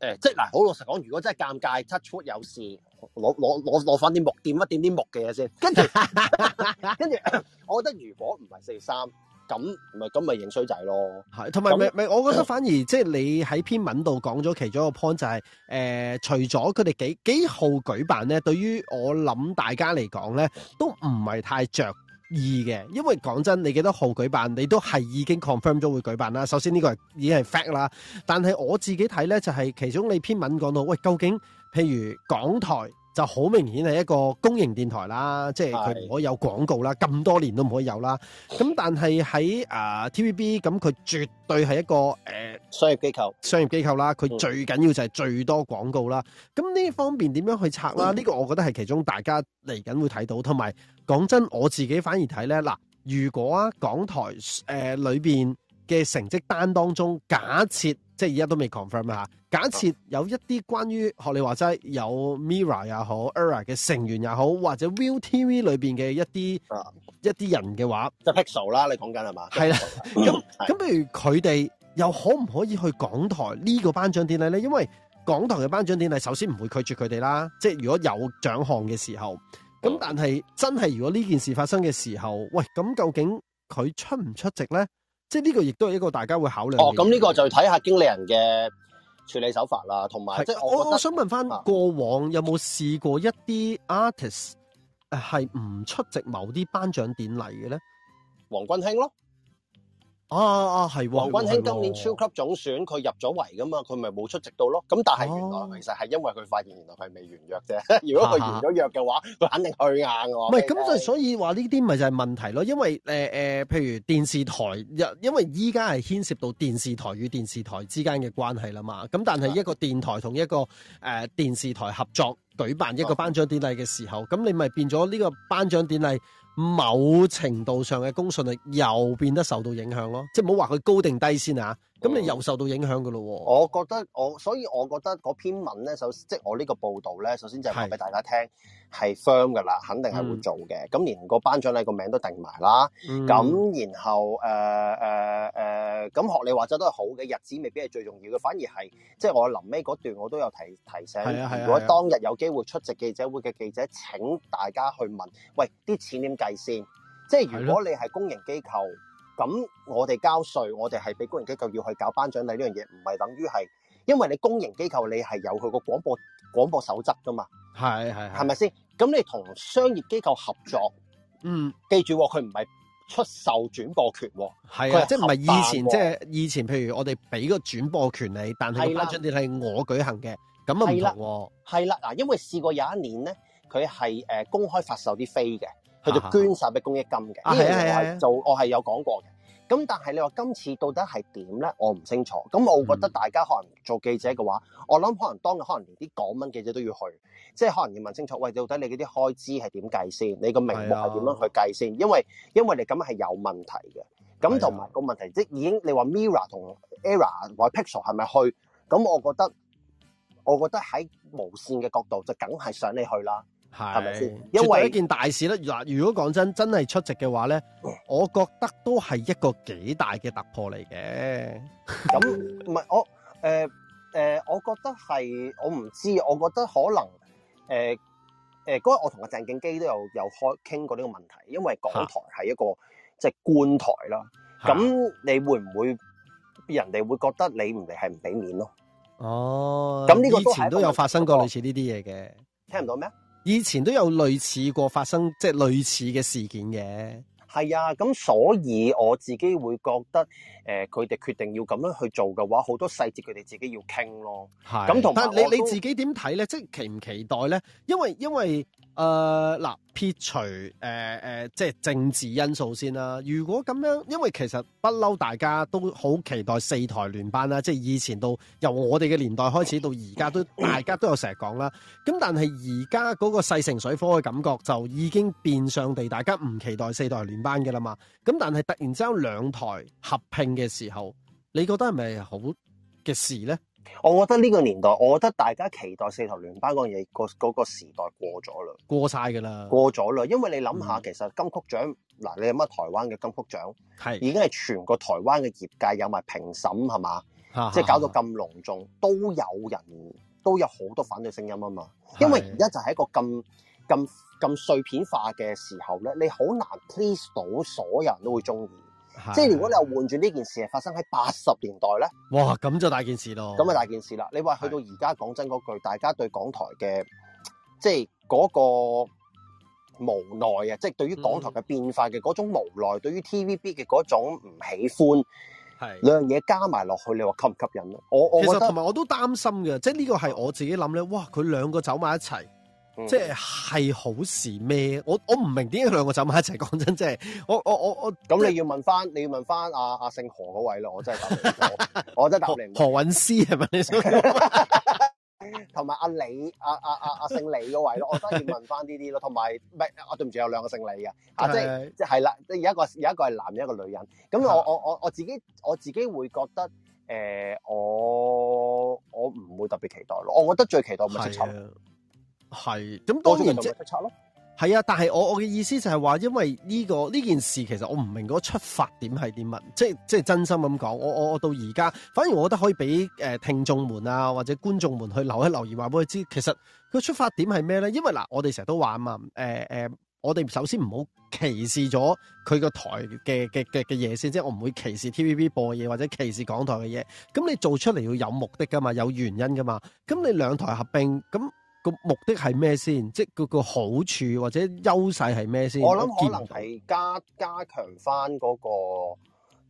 欸，即係嗱，好老實講，如果真係尷尬七出有事，攞攞攞攞翻啲木掂一掂啲木嘅嘢先。跟住跟住， <laughs> <laughs> 我覺得如果唔係四月三。咁唔係咁咪認衰仔咯，係同埋咪咪。我覺得反而即係、 <coughs> 就是、你喺篇文度講咗其中一個 point 就係、是、誒、呃，除咗佢哋幾幾號舉辦咧，對於我諗大家嚟講咧都唔係太着意嘅。因為講真，你幾多號舉辦，你都係已經 confirm 咗會舉辦啦。首先呢個係已經係 fact 啦。但係我自己睇咧就係、是、其中你篇文講到喂，究竟譬如港台。就好明顯係一個公營電台啦，即係佢唔可以有廣告啦，咁多年都唔可以有啦。咁但係喺誒 TVB，咁佢絕對係一個誒、呃、商業機構，商業機構啦。佢最緊要就係最多廣告啦。咁、嗯、呢方面點樣去拆啦？呢、呢個我覺得係其中大家嚟緊會睇到，同埋講真，我自己反而睇呢。嗱，如果啊港台誒裏面，嘅成績單當中，假設即係而家都未 confirm 啊！假設有一啲關於學你話齋有 Mirror 也好 Era 嘅成員也好，或者 ViuTV 裏面嘅一啲、uh, 一啲人嘅話，即 Pixel 啦，你講緊係嘛？係啦，咁 <laughs> 咁，譬如佢哋又可唔可以去港台個頒獎呢個頒獎典禮咧？因為港台嘅頒獎典禮首先唔會拒絕佢哋啦。即係如果有獎項嘅時候，咁但係真係如果呢件事發生嘅時候，喂，咁究竟佢出唔出席咧？即係呢個亦都係一個大家會考慮哦，咁呢個就要睇下經理人嘅處理手法啦，同埋即係我我，我想問翻過往有冇試過一啲 artist 誒係唔出席某啲頒獎典禮嘅咧？黃君興咯。啊啊係溫馨今年超級總選佢入咗圍噶嘛，佢咪冇出席到咯？咁但係原來其實係因為佢發現原來佢係未完約啫。如果佢完咗約嘅話，佢、啊啊、肯定去硬噶。唔係咁，所以話呢啲咪就係問題咯。因為誒誒、呃，譬如電視台，因為依家係牽涉到電視台與電視台之間嘅關係啦嘛。咁但係一個電台同一個誒、呃、電視台合作舉辦一個頒獎典禮嘅時候，咁、啊、你咪變咗呢個頒獎典禮。某程度上嘅公信力又變得受到影響咯，即係唔好話，佢高定低先啊。咁你又受到影響㗎咯喎？我覺得我所以，我覺得嗰篇文咧，首即係我呢個報導咧，首先就係話俾大家聽，係 firm 噶啦，肯定係會做嘅。咁、嗯、連個頒獎禮個名都定埋啦。咁、嗯、然後誒誒誒咁學你話齋都係好嘅，日子未必係最重要嘅，反而係即係我臨尾嗰段，我都有提提醒、啊啊啊。如果當日有機會出席記者會嘅記者，請大家去問：喂，啲錢點計先？即係如果你係公營機構。咁我哋交稅，我哋係俾公營機構要去搞頒獎禮呢樣嘢，唔係等於係，因為你公營機構你係有佢個廣播廣播守則噶嘛，係係係咪先？咁你同商業機構合作，嗯，記住佢唔係出售轉播權，係啊，即係唔係以前，即係以前，譬如我哋俾個轉播權你，但係頒獎你係我舉行嘅，咁啊唔喎，係啦，嗱、啊啊，因為試過有一年咧，佢係誒公開發售啲飛嘅，佢就捐晒俾公益金嘅，呢樣、啊啊啊、我係做，我係有講過嘅。咁但係你話今次到底係點咧？我唔清楚。咁我覺得大家可能做記者嘅話，嗯、我諗可能當日可能連啲港聞記者都要去，即係可能要問清楚，喂，到底你嗰啲開支係點計先？你個名目係點樣去計先，哎？因為因為你咁係有問題嘅。咁同埋個問題，哎、即係已經你話 Mirror 同 Era 或者 Pixel 係咪去？咁我覺得我覺得喺無線嘅角度就梗係想你去啦。係，因為一件大事咧。嗱，如果講真的，真係出席嘅話咧、嗯，我覺得都係一個幾大嘅突破嚟嘅、嗯。咁唔係我，誒、呃、誒、呃，我覺得係，我唔知道，我覺得可能，誒、呃、誒、嗰、呃、日我同阿鄭敬基都有有開傾過呢個問題，因為港台係一個、啊、即係官台啦。咁、啊、你會唔會人哋會覺得你唔嚟係唔俾面咯？哦，咁呢個以前都有發生過類似呢啲嘢嘅。聽唔到咩？以前都有類似過發生，即係類似嘅事件嘅。係啊，咁所以我自己會覺得，誒、呃，佢哋決定要咁樣去做嘅話，好多細節佢哋自己要傾咯。係咁同，但你你自己點睇咧？即係期唔期待咧？因為因為。誒、呃，嗱，撇除誒誒，即係政治因素先啦。如果咁樣，因為其實不嬲，大家都好期待四台聯頒啦。即係以前到由我哋嘅年代開始到而家，都大家都有成日講啦。咁但係而家嗰個勢成水火嘅感覺就已經變相地，大家唔期待四台聯頒嘅啦嘛。咁但係突然之間兩台合併嘅時候，你覺得係咪好嘅事咧？我覺得呢個年代，我覺得大家期待四台聯頒嗰樣嘢，個嗰個時代過咗啦，過晒㗎啦，過咗啦。因為你諗下、嗯，其實金曲獎嗱，你有乜台灣嘅金曲獎，係已經係全個台灣嘅業界有埋評審係嘛，即係 <laughs> 搞到咁隆重，都有人，都有好多反對聲音啊嘛。因為而家就係一個咁咁咁碎片化嘅時候咧，你好難 please 到所有人都會中意。即係如果你又換轉呢件事係發生喺八十年代咧，哇，咁就大件事咯。咁啊大件事啦。你話去到而家講真嗰句的，大家對港台嘅即係嗰個無奈啊、嗯，即係對於港台嘅變化嘅嗰種無奈，對於 TVB 嘅嗰種唔喜歡，係兩樣嘢加埋落去，你話吸唔吸引咧？我我覺得同埋我都擔心嘅，即係呢個係我自己諗咧。哇，佢兩個走埋一齊。嗯、即係好事咩？我我唔明點解兩個走埋一齊，講真，即係我我我我咁你要問翻，你要問翻阿阿姓何嗰位咯，我真係答唔明， <laughs> 我真係答唔明。何韻詩係咪你？同埋阿李阿阿阿姓李嗰位咯，我當然問翻呢啲咯。同埋唔係我對唔住，有兩個姓李嘅。啊即係即係啦，即係有一個有一個係男人，一個女人。咁我我我我自己我自己會覺得誒、呃，我我唔會特別期待咯。我覺得最期待唔就係係，咁當然即係出拆咯。係啊，但係我我嘅意思就係話，因為呢、這個呢件事其實我唔明嗰個出發點係啲乜，即係即係真心咁講，我我我到而家反而我覺得可以俾誒、呃、聽眾們啊或者觀眾們去留一留言話，俾佢知其實佢、這個、出發點係咩咧？因為嗱，我哋成日都話啊嘛，誒、呃、誒、呃，我哋首先唔好歧視咗佢個台嘅嘅嘅嘅嘢先，即係我唔會歧視 T V B 播嘅嘢或者歧視港台嘅嘢。咁你做出嚟要有目的㗎嘛，有原因㗎嘛。咁你兩台合併咁。個目的係咩先？即係個好處或者優勢係咩先？我諗可能係加加強翻，那、嗰個誒、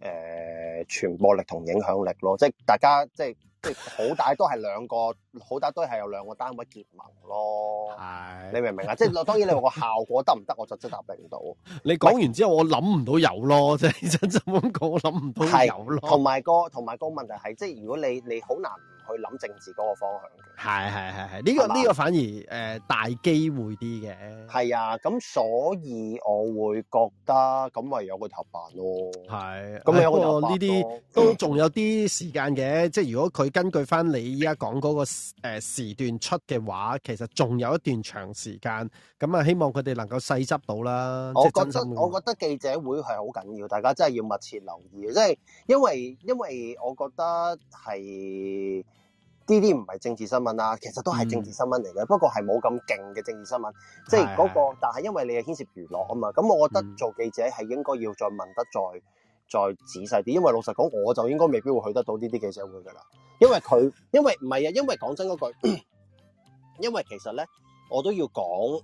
呃、傳播力同影響力咯。即係大家即係即係好大都係兩個，好大都係 <laughs> 有兩個單位結盟咯。係 <laughs> 你明唔明啊？即係當然你話個效果得唔得？我就真答答唔到。你講完之後，不我諗唔到有咯，真真咁講，我諗唔到有咯。同埋個同埋個問題係，即係如果你你好難。去諗政治嗰個方向嘅，係係係係，呢、這個呢、嗯這個反而誒、呃、大機會啲嘅，係啊，咁所以我會覺得咁咪有個頭辦咯，係，咁有個呢啲、哎嗯、都仲有啲時間嘅、嗯，即係如果佢根據翻你依家講嗰個誒時段出嘅話，其實仲有一段長時間，咁啊希望佢哋能夠細執到啦。我，是我覺得我覺得記者會係好緊要，大家真係要密切留意，即係因為因為我覺得係。呢啲唔係政治新聞啦、啊，其實都係政治新聞嚟嘅、嗯，不過係冇咁勁嘅政治新聞，是的即係、那、嗰個。但係因為你係牽涉娛樂啊嘛，咁我覺得做記者係應該要再問得再、嗯、再仔細啲，因為老實講，我就應該未必會去得到呢啲記者會噶啦，因為佢，因為唔係啊，因為講真嗰句，因為其實咧，我都要講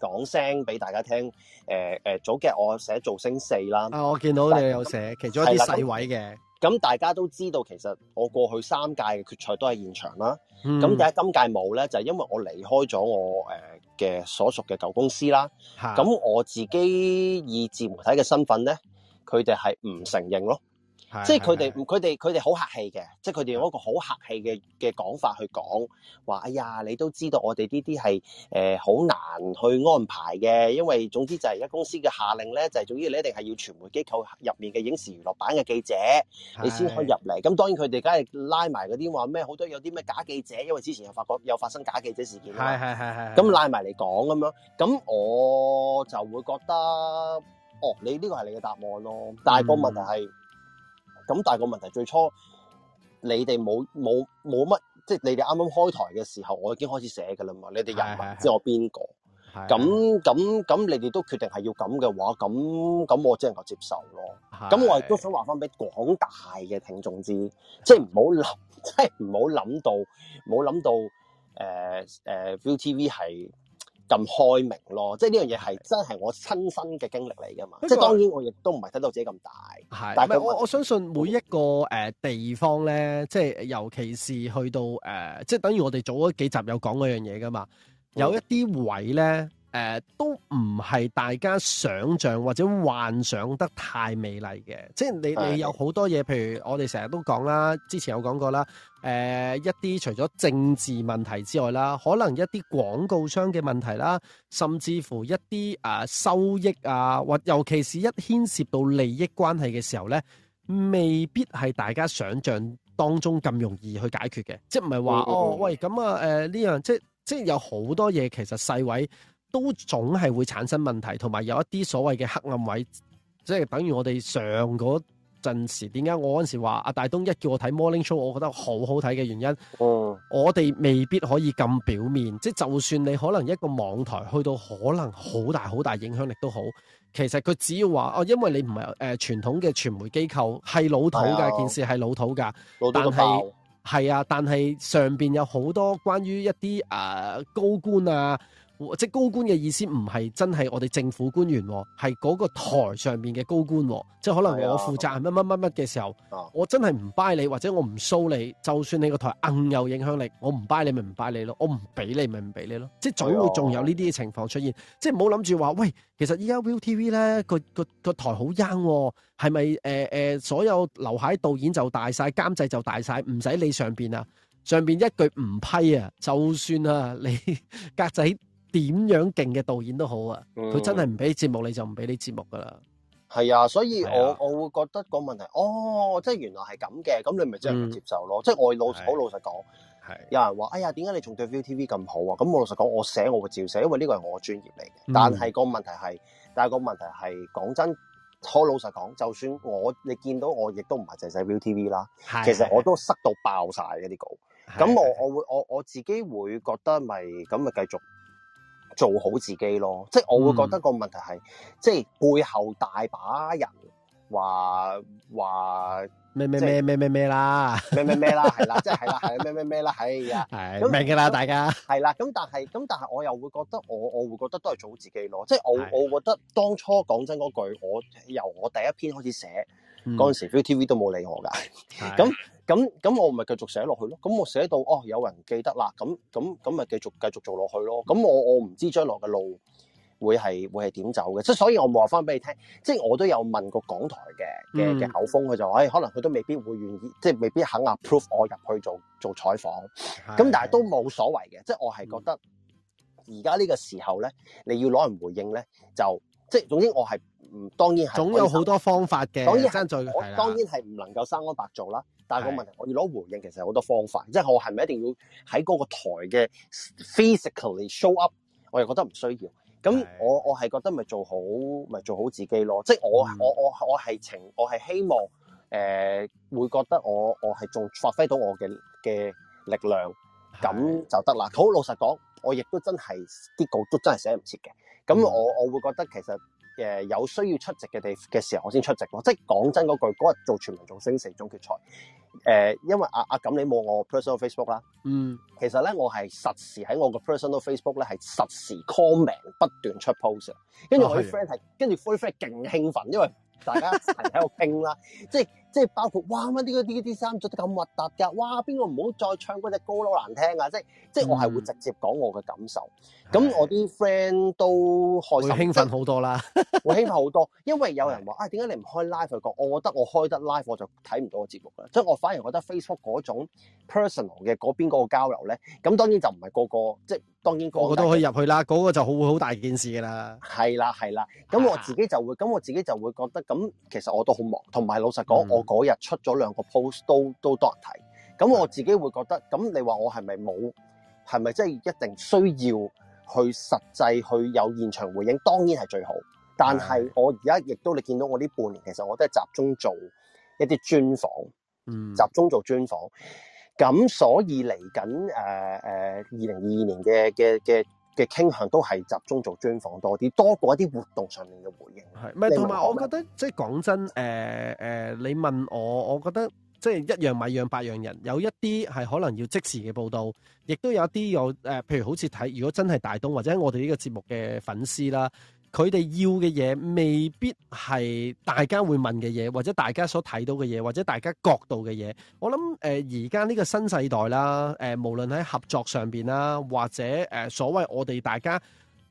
講聲俾大家聽。誒、呃、誒，早嘅我寫造星四啦。啊，我見到你有寫其中一啲細位嘅。咁大家都知道，其實我過去三屆嘅決賽都係現場啦。咁、嗯、第一，今屆冇咧，就係、是、因為我離開咗我誒嘅、呃、所屬嘅舊公司啦。咁、嗯、我自己以自媒體嘅身份咧，佢哋係唔承認咯。 <music> 即係佢哋，佢哋佢哋好客氣嘅，即係佢哋用一個好客氣嘅嘅講法去講，話哎呀，你都知道我哋呢啲係誒好難去安排嘅，因為總之就係而家公司嘅下令咧，就係總之你一定係要傳媒機構入面嘅影視娛樂版嘅記者，你先可以入嚟。咁 <music> 當然佢哋梗係拉埋嗰啲話咩好多有啲咩假記者，因為之前又發覺又發生假記者事件啊，係係係係。咁拉埋嚟講咁樣，咁我就會覺得，哦，你呢個係你嘅答案咯，但係個問題係。 <music> 咁但係個問題，最初你哋冇冇冇乜，即係你哋啱啱開台嘅時候，我已經開始寫噶啦嘛。你哋人民唔知我邊個，咁咁咁，你哋都決定係要咁嘅話，咁咁我只能夠接受咯。咁我亦都想話翻俾廣大嘅聽眾知，即係唔好諗，即係唔好諗到，唔好諗到，誒誒，ViuTV 係。呃咁開明咯，即係呢樣嘢係真係我親身嘅經歷嚟噶嘛，即係、就是、當然我亦都唔係睇到自己咁大，但係我我，我相信每一個、呃、地方咧，即、就、係、是、尤其是去到即係、呃就是、等於我哋早嗰幾集有講嗰樣嘢噶嘛，有一啲位咧。呃、都唔係大家想象或者幻想得太美麗嘅，即係你，你有好多嘢，譬如我哋成日都講啦，之前有講過啦，呃、一啲除咗政治問題之外啦，可能一啲廣告商嘅問題啦，甚至乎一啲、啊、收益啊，或尤其是一牽涉到利益關係嘅時候咧，未必係大家想象當中咁容易去解決嘅，即係唔係話哦喂咁啊呢、呃、樣即即有好多嘢其實細位。都總係會產生問題，同埋有一啲所謂嘅黑暗位，即係等於我哋上嗰陣時點解我嗰時話阿大東一叫我睇 Morning Show，我覺得好好睇嘅原因。嗯、我哋未必可以咁表面，即就算你可能一個網台去到可能好大好大影響力都好，其實佢只要話哦，因為你唔係誒傳統嘅傳媒機構係老土嘅、哎、件事係老土㗎，但係係啊，但係上面有好多關於一啲、呃、高官啊。即係高官嘅意思唔係真係我哋政府官員，係嗰個台上邊嘅高官，即係可能我負責乜乜乜乜嘅時候，我真係唔 buy 你，或者我唔 show 你，就算你個台硬有影響力，我唔 buy 你咪唔 buy 你咯，我唔俾你咪唔俾你咯，即係總會仲有呢啲情況出現，即唔好諗住話，喂，其實依家 ViuTV 咧個個個台好硬，係咪誒誒所有留喺導演就大晒，監製就大晒，唔使理上邊啊，上邊一句唔批啊，就算啊你格仔。點樣勁嘅導演都好啊，佢真係唔俾節目，你就唔俾你節目噶啦。係啊，所以我我會覺得個問題，哦，即係原來係咁嘅，咁你咪真係唔接受咯。即係我老實好老實講，係有人話，哎呀，點解你仲對 Viu TV 咁好啊？咁我老實講，我寫我嘅照寫，因為呢個係我專業嚟嘅。但係個問題係，但係個問題係，講真，好老實講，就算我你見到我，亦都唔係淨係 Viu TV 啦，其實我都塞到爆晒嘅啲稿。咁我我會我我自己會覺得，咪咁咪繼續。做好自己咯，即係我會覺得個問題係、嗯，即係背後大把人話話咩咩咩咩咩啦，咩咩咩啦，係 <laughs> 啦，即係係啦係咩咩咩啦，係啊，明㗎啦，大家係啦，咁但係咁但係我又會覺得我我會覺得都係做好自己咯，即係我我覺得當初講真嗰句，我由我第一篇開始寫嗰陣、嗯、時 ViuTV 都冇理我㗎，咁。 <laughs> 咁咁，我咪繼續寫落去咯。咁我寫到哦，有人記得啦。咁咁咁，咪繼續繼續做落去咯。咁我我唔知將來嘅路會係會係點走嘅。即所以我冇話翻俾你聽。即係我都有問過港台嘅嘅嘅口風，佢就話，哎，可能佢都未必會願意，即係未必肯 approve 我入去做做採訪。咁但係都冇所謂嘅。即係我係覺得而家呢個時候咧，你要攞人回應咧，就即係總之我係嗯當然係總有好多方法嘅。爭在當然係唔能夠生安白做啦。但個問題，我要攞回應，其實有好多方法，即係我係咪一定要喺嗰個台嘅 physically show up？我又覺得唔需要。咁我我係覺得咪做好，咪做好自己咯。即係我我我我係情，我係希望誒、呃、會覺得我我係仲發揮到我嘅嘅力量咁就得啦。好老實講，我亦都真係啲稿都真係寫唔切嘅。咁我我會覺得其實。誒有需要出席嘅地嘅時候，我先出席咯。即係講真嗰句，嗰日做全民造星四總決賽，誒、呃，因為阿阿錦你冇我 personal Facebook 啦。嗯，其實咧，我係實時喺我個 personal Facebook 咧，係實時 comment 不斷出 post，跟住我啲 friend 係，跟住 very friend 勁、哦、興奮，因為大家係喺度傾啦， <laughs> 即即係包括哇乜啲啲啲衫著得咁核突㗎，哇邊個唔好再唱嗰隻歌咯難聽啊！即係即係我係會直接講我嘅感受。咁、嗯、我啲 friend 都開心，會興奮好多啦，會興奮好多。 <laughs> 因為有人話啊，點、哎、解你唔開 live 去講？我覺得我開得 live 我就睇唔到個節目啦。所以我反而覺得 Facebook 嗰種 personal 嘅嗰邊個交流咧，咁當然就唔係個個即係當然個,個個都可以入去啦。嗰、那個就好好大件事㗎啦。係啦係啦，咁、啊、我自己就會咁我自己就會覺得咁其實我都好忙，同埋老實講我。嗯嗰日出咗兩個 post 都都多人睇，咁我自己會覺得，咁你話我係咪冇？係咪即係一定需要去實際去有現場回應？當然係最好，但係我而家亦都你見到我呢半年，其實我都係集中做一啲專訪，嗯，集中做專訪，咁所以嚟緊誒誒二零二二年嘅嘅嘅。嘅傾向都係集中做專訪多啲，多過一啲活動上面嘅回應。係咪同埋，我覺得即係講真，誒、呃呃、你問我，我覺得即係一樣米養百樣人，有一啲係可能要即時嘅報導，亦都有一啲有、呃、譬如好似睇，如果真係大東或者我哋呢個節目嘅粉絲啦。佢哋要嘅嘢未必係大家會問嘅嘢，或者大家所睇到嘅嘢，或者大家角度嘅嘢。我諗誒，而家呢個新世代啦，誒、呃，無論喺合作上邊啦，或者誒、呃，所謂我哋大家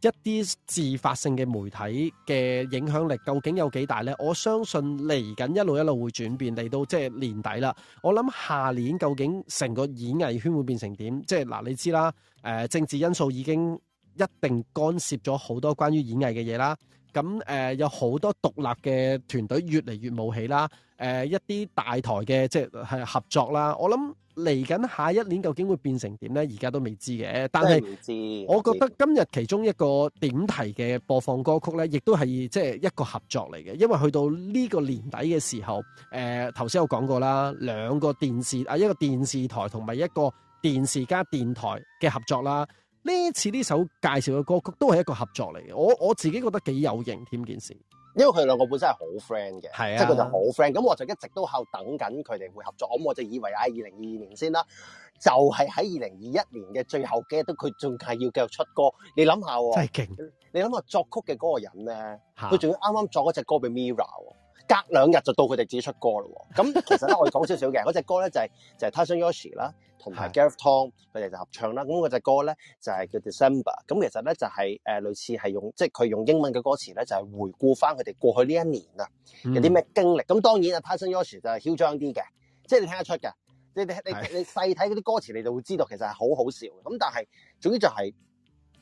一啲自發性嘅媒體嘅影響力，究竟有幾大咧？我相信嚟緊一路一路會轉變，嚟到即係年底啦。我諗下年究竟成個演藝圈會變成點？即係嗱、呃，你知啦，誒、呃，政治因素已經。一定干涉咗好多關於演藝嘅嘢啦，咁誒、呃、有好多獨立嘅團隊越嚟越冒起啦，誒、呃、一啲大台嘅即係合作啦，我諗嚟緊下一年究竟會變成點咧？而家都未知嘅，但係，我覺得今日其中一個點題嘅播放歌曲咧，亦都係即係一個合作嚟嘅，因為去到呢個年底嘅時候，誒頭先我講過啦，兩個電視啊一個電視台同埋一個電視加電台嘅合作啦。呢次呢首介紹嘅歌曲都係一個合作嚟嘅，我我自己覺得幾有型添件事，因為佢兩個本身係好 friend 嘅，即係佢就好、係、friend。咁我就一直都喺度等緊佢哋會合作，咁我就以為喺二零二二年先啦，就係喺二零二一年嘅最後嘅都，佢仲係要繼續出歌。你諗下，真係勁！你諗下作曲嘅嗰個人咧，佢仲要啱啱作嗰隻歌俾 Mira，隔兩日就到佢哋自己出歌啦。咁其實咧我哋講少少嘅，嗰 <laughs> 隻歌咧就係就係 Tyson Yoshi 啦。同埋 Gareth.T 佢哋就合唱啦，咁嗰隻歌咧就係、是、叫 December，咁其實咧就係、是、誒類似係用即係佢用英文嘅歌詞咧，就係、是、回顧返佢哋過去呢一年啊、嗯，有啲咩經歷，咁當然啊，Tyson Yoshi 就係囂張啲嘅，即、就、係、是、你聽得出嘅，你你你你，你細睇嗰啲歌詞，你就會知道其實係好好笑。咁但係總之就係、是。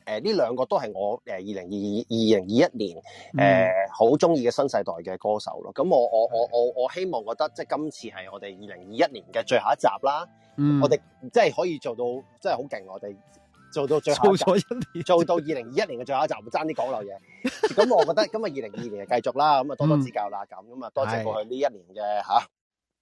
誒、呃，呢兩個都係我誒二零二二二零二一年誒好中意嘅新世代嘅歌手咯。咁、嗯、我我我我我希望覺得即係今次係我哋二零二一年嘅最後一集啦。嗯、我哋即係可以做到，真係好勁！我哋做到最後，做咗一年，做到二零二一年嘅最後一集，唔爭啲講漏嘢。咁 <laughs> 我覺得今日二零二二年就繼續啦，咁啊多多指教啦，咁咁啊多謝過去呢一年嘅吓、啊，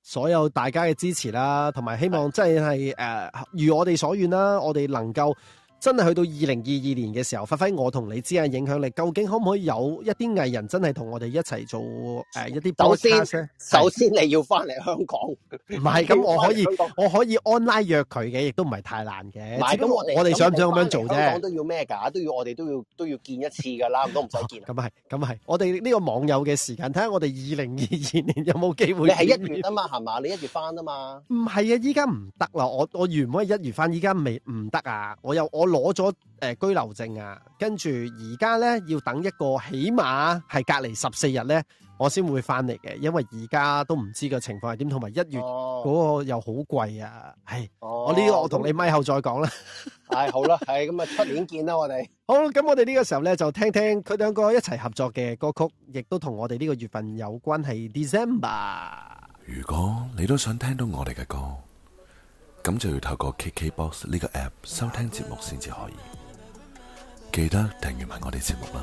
所有大家嘅支持啦，同埋希望真係誒、呃、如我哋所願啦，我哋能夠。真係去到二零二二年嘅時候，發揮我同你之間影響力，究竟可唔可以有一啲藝人真係同我哋一齊做誒、呃、一啲？首先，首先你要翻嚟香港。唔係，咁我可以，我可以 online 約佢嘅，亦都唔係太難嘅。買咁我哋，我哋想唔想咁樣做啫？香港都要咩噶？都要我哋都要都要見一次噶啦，都唔使見。咁係，咁係，我哋呢、 <laughs> 哦、個網友嘅時間，睇下我哋二零二二年有冇機會。你係一月啊嘛，係嘛？你一月翻啊嘛？唔係啊，依家唔得啦。我我原本可以一月翻，依家未唔得啊？我有我。攞咗誒居留證啊，跟住而家咧要等一個起碼係隔離十四日咧，我先會翻嚟嘅，因為而家都唔知個情況係點，同埋一月嗰個又好貴啊，係，我呢個我同你咪後再講啦。係好啦，係咁啊，出年見啦我哋。好，咁我哋呢個時候咧就聽聽佢兩個一齊合作嘅歌曲，亦都同我哋呢個月份有關係。December，如果你都想聽到我哋嘅歌。咁就要透過 KKBOX 呢個 App 收聽節目先至可以，記得訂閱埋我哋節目啦。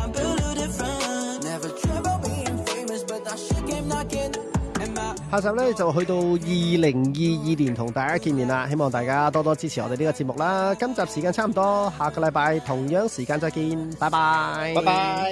下集呢就去到二零二二年同大家見面啦，希望大家多多支持我哋呢個節目啦。今集時間差唔多，下個禮拜同樣時間再見，拜拜，拜拜。